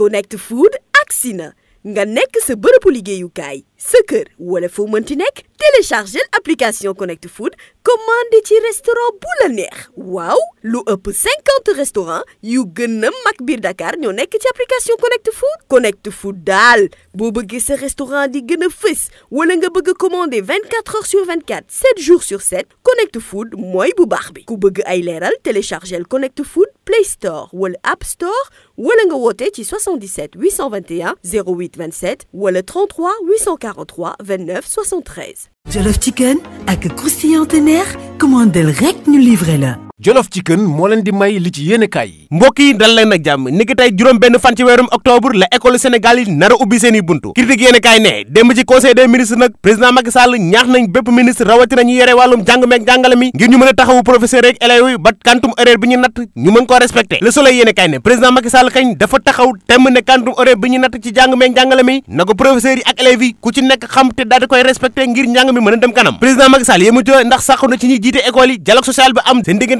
Connect Food agsi na nga nekk sa bërëbu liggéeyukaay sa kër wala foo mënti nekk téléchargel application Connect Food commandé ci restaurant bu la neex waaw lu ëpp cinquante restaurant yu gën a mag biir Dakar ñoo nekk ci application Connect Food Connect Food daal boo bëggee sa restaurant di gën a fës wala nga bëgg a commandé vingt quatre heures sur vingt quatre sept jours sur sept Connect Food mooy bu baax bi ku bëgg ay leeral téléchargel Connect Food Play Store wala App Store wala nga woote ci 77 821 08 27 wala 33 840 43 29 73. Jollof Chicken ak croustillant teneer commandel rek ñu livre la. Jolof Chicken moo leen di may li ci yéenekaay yi mbokk yi dal leen ak jàmm ni ki tey juróom benn fan ci weerum octobre la école Sénégal yi nar a ubbi seen i buntu critique yéenekaay ne démb ci conseil des nag président Macky Sall nañ bépp ministre rawatina ñu yore wàllum jàng meeg jàngale mi ngir ñu mën a taxawu professeur yeeg élèves yi ba kantum horaire bi ñu natt ñu mën koo respecté le soleil yéenekaay ne président Macky kañ dafa taxaw temm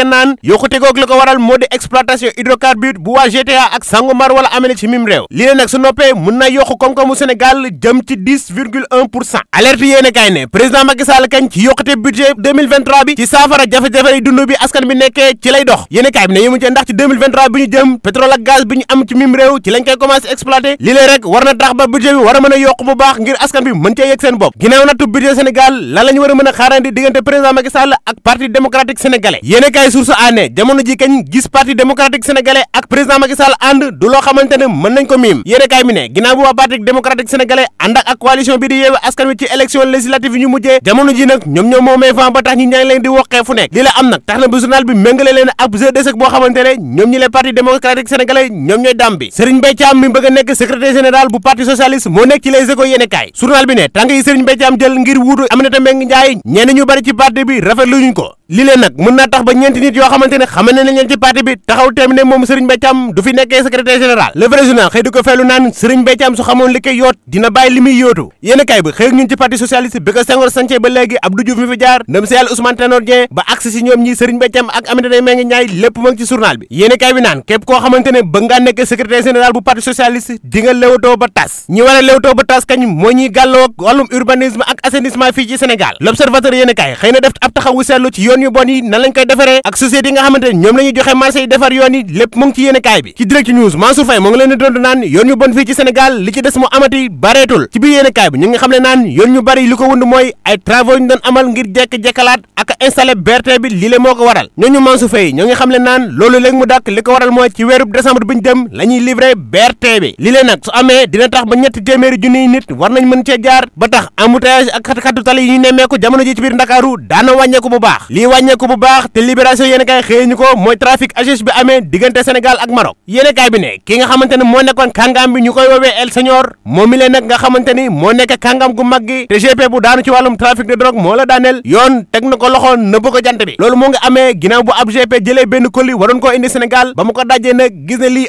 ka naan yokkute googu li ko waral moo di exploitation hydrocarbure bu waa GTA ak Sangomar wala Amérique ci mim réew lii la nag su noppee mun na yokk koom-koomu Sénégal jëm ci 10 virgule pour cent alerte yéene kaay ne président Macky Sall kañ ci yokkute budget 2023 bi ci saafara jafe-jafe yi dund bi askan bi nekkee ci lay dox yéene kaay bi ne yému ci ndax ci 2023 bi ñu jëm pétrole ak gaz bi ñu am ci mim réew ci lañ koy commencé exploité lii rek war na tax ba budget bi war a mën a yokk bu baax ngir askan bi mën cee yegg bopp ginnaaw nattu la ñu war a mën a xaarandi diggante président Macky Sall ak waaye source a ne jamono ji kañ gis parti démocratique sénégalais ak président Macky Sall du loo xamante mën nañ ko miim yéene mi ne ginnaaw bi waa parti démocratique sénégalais ànd ak ak coalition bi di yeewu askan wi ci élection législative yi ñu mujjee jamono ji nag ñoom ñoo moomee ba tax ñi ñaangi leen di woqee fu nekk lii la am nag tax na bu journal bi méngale leen ak jeu d'échec boo xamante ñoom ñi lee parti démocratique sénégalais ñoom ñooy ñetti yoo xamante ne xaman ci parti bi taxaw teem moom Serigne Mbaye du fi nekkee secrétaire général le ba tas ñi war a ba tas kañ moo ñuy gàlloo ak urbanisme ak assainissement fii ci Sénégal l'observateur yéen kay na def ab taxawu seetlu ci yoon yu bon yi nan lañ koy defaree ak société nga xamante ñoom la joxe marché yi defar yoon lépp mu ci yéene kaay bi ci direct news Mansour Faye moo ngi leen di naan yoon yu bon fii ci Sénégal li ci des mu amati bareetul ci biir yéene kaay bi ñu ngi xam ne naan yoon ñu bari li ko wund mooy ay travaux ñu doon amal ngir jekk-jekkalaat ak installé BRT bi lii moo ko waral ñooñu Mansour Faye ñoo ngi xam ne naan loolu léegi mu dàkk li ko waral mooy ci weerub décembre bi ñu libération yéen a kaay xëy ñu ko mooy trafic agence bi amee diggante Sénégal ak Maroc yéen a kaay bi ne ki nga xamante moo ni moo nekk kàngaam gu mag gi te GP bu daanu ci wàllum trafic de drogue moo la daaneel yoon teg na ko loxo nëbb ko jant bi loolu moo ngi amee ginnaaw bu ab GP jëlee benn colis waroon indi Sénégal ba ko dajee nag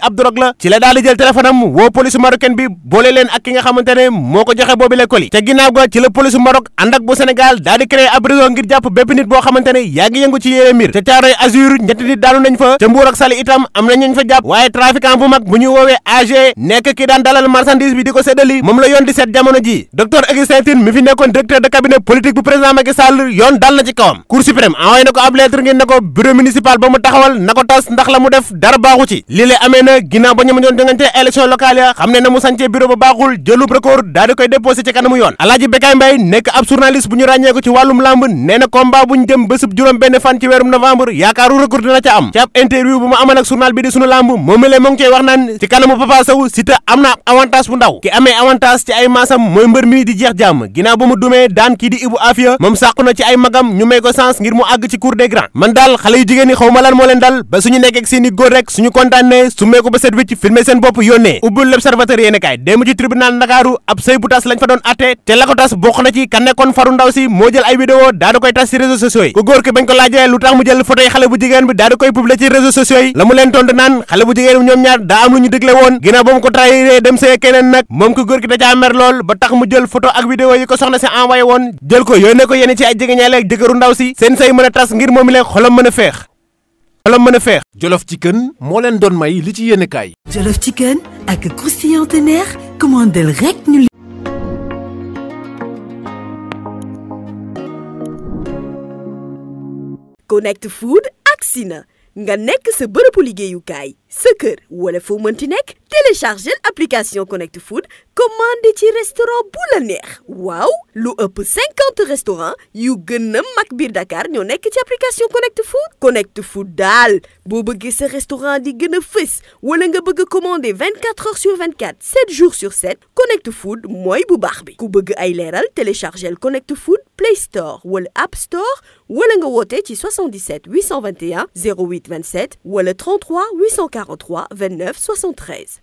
ab drogue la ci la daal jël téléphone am woo police bi boole ak ki nga xamante moo ko joxe boobi la colis te ga ci Caaroy Azur ñetti nit daanu nañ fa ca Sali itam am na ñu fa jàpp waaye trafiquant bu mag bu ñu woowee AG nekk ki daan dalal marchandise bi di ko séddali moom la yoon di seet jamono ji docteur Augustin mi fi nekkoon directeur de cabinet politique bu président Macky Sall yoon dal ci kawam Cour suprême envoyé na ko ab lettre ngeen ne ko bureau municipal ba mu taxawal na ko tas ndax la mu def dara baaxu ci lii la amee na ginnaaw ba ñu ma décembre yaakaaru recours dina ca am ci ab interview bu mu amal ak journal bi di sunu lamb moom la mu ngi cey wax naan ci kanamu Papa Sow Siteu am na avantage bu ndaw ki amee avantage ci ay maasam mooy mbër mi di jeex jàmm ginnaaw ba mu dumee daan kii di Ibou Afia moom sàqu ci ay magam ñu may ko ngir mu àgg ci cour des grands man daal xale yu jigéen xaw ma lan moo leen dal ba suñu nekk seen i góor rek suñu kontaanee su mee ba set wicc filmer photo yi xale bu jigéen bi daal di koy publier ci réseaux sociaux yi la mu leen tontu naan xale bu jigéen bi ñoom ñaar daa am lu ñu digle woon ginnaaw ba mu ko trahiré dem see keneen nag moom ko góor ki da mer lool ba tax mu jël photo ak vidéo yi ko soxna si envoyé woon jël ko yónnee ko yenn ci ay jegeñaale ak jëkkëru ndaw si seen say mën a tas ngir moom leen xolam mën a feex xolam mën a feex jolof ci kën moo leen doon may li ci yéen kaay jolof ci kën ak croustillant teneer commandel rek Connect Food agsi na nga nekk sa bërëbu liggéeyukaay sa kër wala foo mënti nekk téléchargel application Connect Food commandé ci restaurant bu la neex waaw lu ëpp cinquante restaurant yu gën a mag biir Dakar ñoo nekk ci application Connect Food Connect Food daal boo bëggee sa restaurant di gën a fës wala nga bëgg a commandé vingt quatre heures sur vingt quatre sept jours sur sept Connect Food mooy bu baax bi ku bëgg ay leeral téléchargel Connect Food Play Store wala App Store wala nga woote ci 77 821 08 27 wala 33 43 29 73.